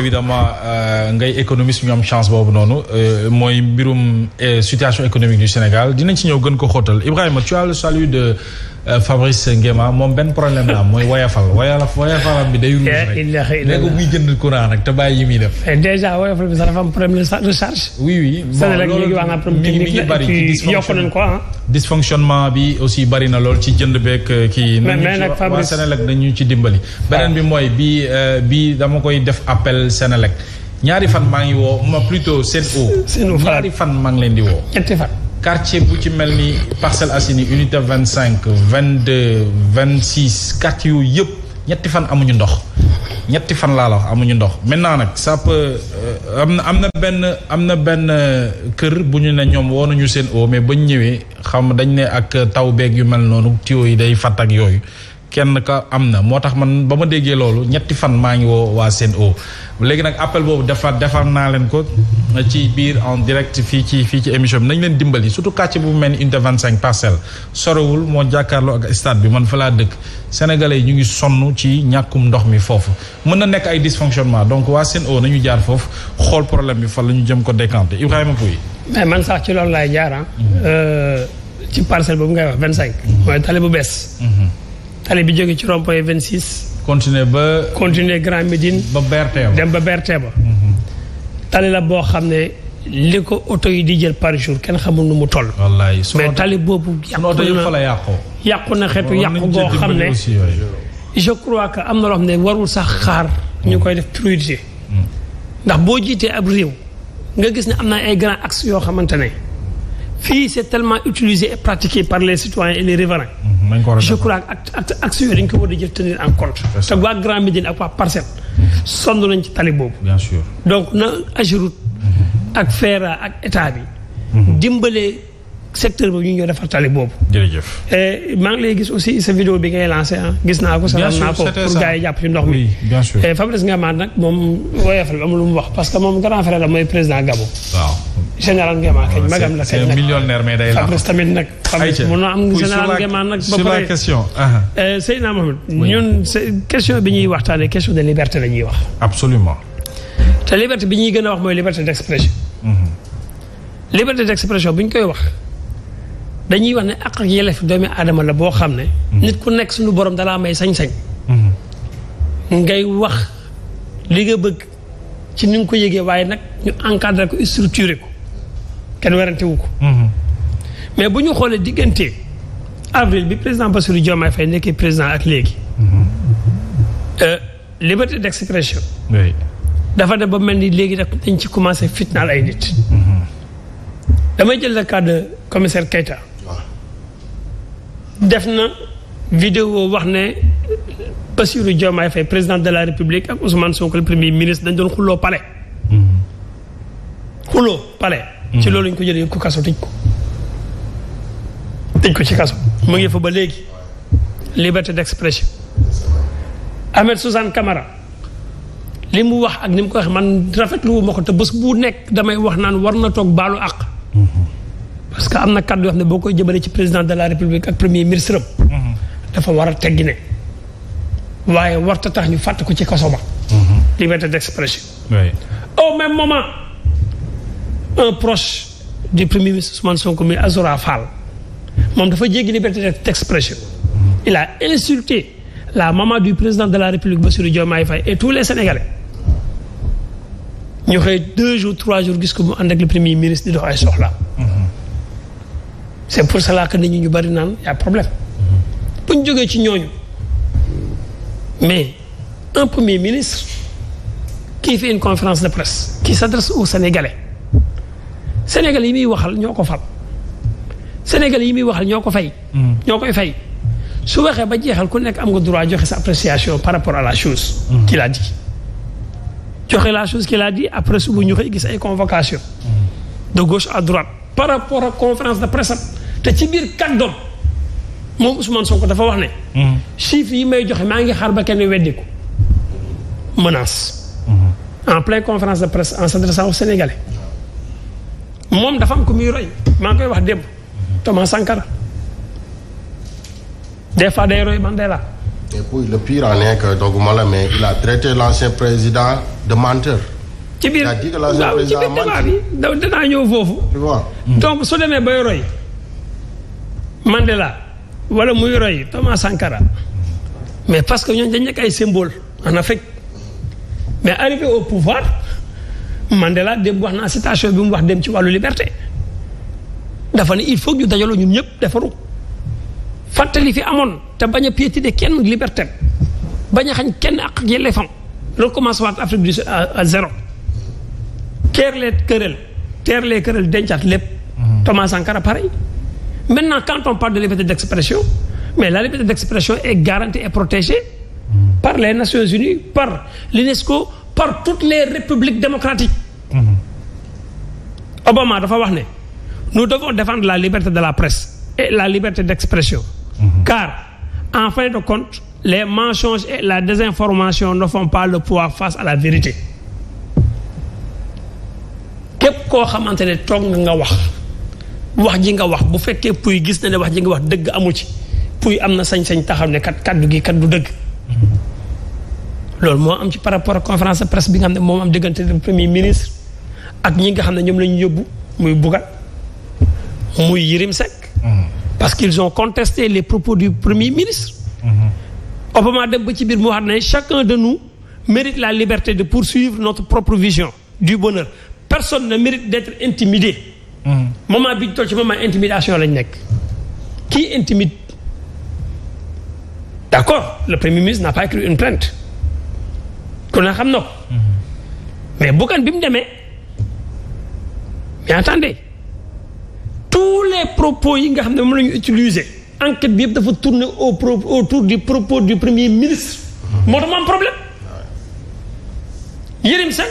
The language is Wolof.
évidemment euh, ngay économiste ñu am chance boobu noonu euh, mooy mbirum euh, situation économique du Sénégal dinañ ci ñëw gën ko xootal Ibrahima tu as le salut de Euh, Fabrice Ngema moom benn problème la am mooy woyafal woyaf woyafalam bi day ruus eh, rek léegi muy jënd courant rek te bàyyi yi muy def. Eh, déjà woyafal bi sax dafa am problème de recharge. mi ngi bari ko ah. bi aussi bari na lool ci jënd beeg euh, kii. mais mais nag Fabrice Sénélec ci dimbali. Ah. beneen bi mooy bi euh, bi dama koy def appel Sénélec ñaari fan maa ngi woo ma plutôt seen o. ñaari fan maa ngi leen di woo. quartier bu ci mel ni Parcelles Assainies unité vingt cinq vingt deux vingt six quartier yooyu yëpp ñetti fan amuñu ndox ñetti fan laa la amuñu ndox maintenant nag ça euh, am na am na benn am na benn euh, kër bu ñu ne ñoom woo nañu seen eau mais bañ ñëwee xam dañ ne ak taw beeg yu mel noonu tuyaux yi day fatt ak yooyu kenn ka am na moo tax man ba ma déggee loolu ñetti fan maa ngi woo waa Sen'Eau léegi nag appel boobu defar defar naa leen ko ci biir en direct fii ci fii ci émission bi nañ leen dimbali surtout quartier bu mel ni unité vingt cinq parcelle sorowul moo jàkkaarloo ak stade bi man fa laa dëkk sénégalais yi ñu ngi sonn ci ñàkkum ndox mi foofu mën na nekk ay dysfonctionnement donc waa Sen'Eau nañu jaar foofu xool problème bi fan la ñu jëm ko décanté Ibrahima Pouy mais man ci loolu laay jaar ah. mhm. euh, ci parcelle boobu tali bi jóge ci rond-point 26. continuer ba. continuer Grand Médine. ba BRT dem mhm. la boo xam ne li ko oto yi di jël par jour kenn xamul nu mu toll. wallaay mais tali boobu. yàqu na yàqu na xeetu yàqu goo xam ne. je crois que am na loo ne warul sax xaar. ñu mhm. koy def priorité. Mhm. ndax boo jiitee ab réew. nga gis ne am na ay grands axes yoo xamante ne. fii c' est tellement utilisé et pratiqué par les citoyens et les riverains. Mm-hmm. je crois que ak actes yooyu dañ ko war a jël tenir en compte. te waa Grand Médine ak waa Parcelles. Mm-hmm. sonn nañ ci tali boobu. bien sûr donc na Ageroute. Mm-hmm. ak FERA ak état bi. dimbale secteur boobu ñu ñoo defar tali boobu. jërëjëf. maa ngi lay gis aussi sa vidéo bi ngay lancé ah. gis naa ko saxal naa ko pour gars yi jàpp ci ndox mi. bien sûr Fabrice Ngamath nag moom la mu lu mu wax parce que moom grand frère la mooy président Gabon. waaw. général Nguema kañ ah, magam la kañ nag millionnaire mais day la Fabrice tamit nag. Fabrice na am général Nguema nag. ba pare question. Ah. Euh, Seydina Mohamed ñun question bi ñuy waxtaanee question de liberté la wax. te liberté bi ñuy gën a wax mooy liberté d'expression. Mhm. liberté d'expression bu ñu koy wax dañuy wax ne ak ak yelef doomi aadama la boo xam ne. Mhm. nit ku nekk suñu borom dalaa may sañ-sañ. Mhm. ngay wax li nga bëgg ci ni nga ko yëgee waaye nag ñu encadré ko structuré ko. kenn werante wu ko. Mhm. mais bu ñu xoolee diggante avril bi président Bassirou Diomaye Faye nekkee président ak léegi. Mhm. Euh, liberté d'expression. dafa def ba mel ni léegi nag dañ ci commencé fitnaal ay nit. Mhm. damay jël le cas de commissaire Keita. def na video wax ne Bassirou Diomaye Faye président de la République ak Ousmane Sonko le premier ministre dañ doon xuloo palais. xuloo palais. ci mhm. loolu ñu ko jëlee ko kaso tëj ko tëj ko ci kaso mu ngi fa ba léegi liberté d'expression Ahmed Suzanne kamara li mu wax ak ni mu ko waxee man rafetlu wu ma ko te bés bu nekk damay wax naan war na toog baalu àq mhm. parce que am na kàddu yoo xam ne boo koy jëmale ci président de la république ak premier ministre am mhm. dafa war a teggi ne waaye warta tax ñu fàtt ko ci kaso ba liberté d'expression au même moment en proche du premier ministre Ousmane Sonko muy Azora Fall moom dafa jéggi liberté d'expression il a insulté la maman du président de la République Bassirou Diomaye Faye et tous les Sénégalais ñu xëy deux jours trois jours gis ko mu ànd ak le premier ministre di dox ay soxla c'est pour cela que nit ñi ñu bari naan y problème bu ñu jógee ci ñooñu mais un premier ministre qui fait une conférence de presse qui s'adresse aux Sénégalais Sénégal yi muy waxal ñoo ko fal Sénégal yi muy waxal ñoo ko fay. Mm. ñoo koy fay su waxee ba jeexal ku nekk am nga droit joxe sa appréciation par rapport à la chose. Mm. qu'il a dit joxe la chose qu'il a dit après su bu ñu koy gis ay convocation mm. de gauche à droite par rapport à conférence de presse te ci biir kàddoom moom Ousmane ko dafa wax ne. chiffres yi may joxe maa ngi xaar ba kenn weddi ko mm-hmm. en pleine conférence de presse en s'adressant aux Sénégalais. moom dafa am ku muy roy maa ngi koy wax démb Thomas Sankara des fois day roy Mandela. et le pire en est que la mais il a traité l'ancien président de menteur. ci biir waaw ci biir débat bi da ñëw foofu. tu vois hmm. donc su demee bay roy Mandela wala muy roy Thomas Sankara mais parce que ñooñ dañ nekk ay symbole en mais arrivé au pouvoir. Mandela dem wax naa citation bi mu wax dem ci wàllu liberté dafa ne il faut ñu dajaloo ñun ñëpp defaru fàttali fi amoon te bañ a piétiner kenn liberté bañ xañ kenn ak yelleefam loolu commencé waat Afrique du Sud à zéro teer lee kërel teer lee kërel dencaat lépp mhm. Thomas Sankara pareil maintenant quand on parle de liberté d'expression mais la liberté d'expression est garantie et protégée mhm. par les Nations Unies par l'UNESCO par toutes les républiques démocratiques Obama dafa wax ne nous devons défendre la liberté de la presse et la liberté d'expression mm -hmm. car en fin de compte les mensonges et la désinformation ne font pas le poids face à la vérité képp koo xamante ne toog nga nga wax wax ji nga wax bu fekkee puy gis na ne wax ji nga wax dëgg amu ci puy am na sañ-sañ taxaw ne kat kaddu gi kat du dëgg mhm. loolu moo am ci par rapport conférence de presse bi nga xam ne moom am diggante le premier ministre ak ñi nga xam ne ñoom la ñu yóbbu muy Bougane muy Yérim Seck mm-hmm. parce qu'ils ont contesté les propos du premier ministre mm-hmm. Obama dem ba ci biir mu wax ne chacun de nous mérite la liberté de poursuivre notre propre vision du bonheur personne ne mérite d'être intimidé mm-hmm. moment bi ñu toll ci moment intimidation lañ nekk qui intimide d'accord le premier ministre n'a pas écrit une plainte kon na xam na mais Bougane bi mu demee et attendez tous les propos yi nga xam ne moom la ñu utiliser enquête bi yëpp dafa tourner au autour du propos du premier ministre moo tax mu am problème Yérim Seck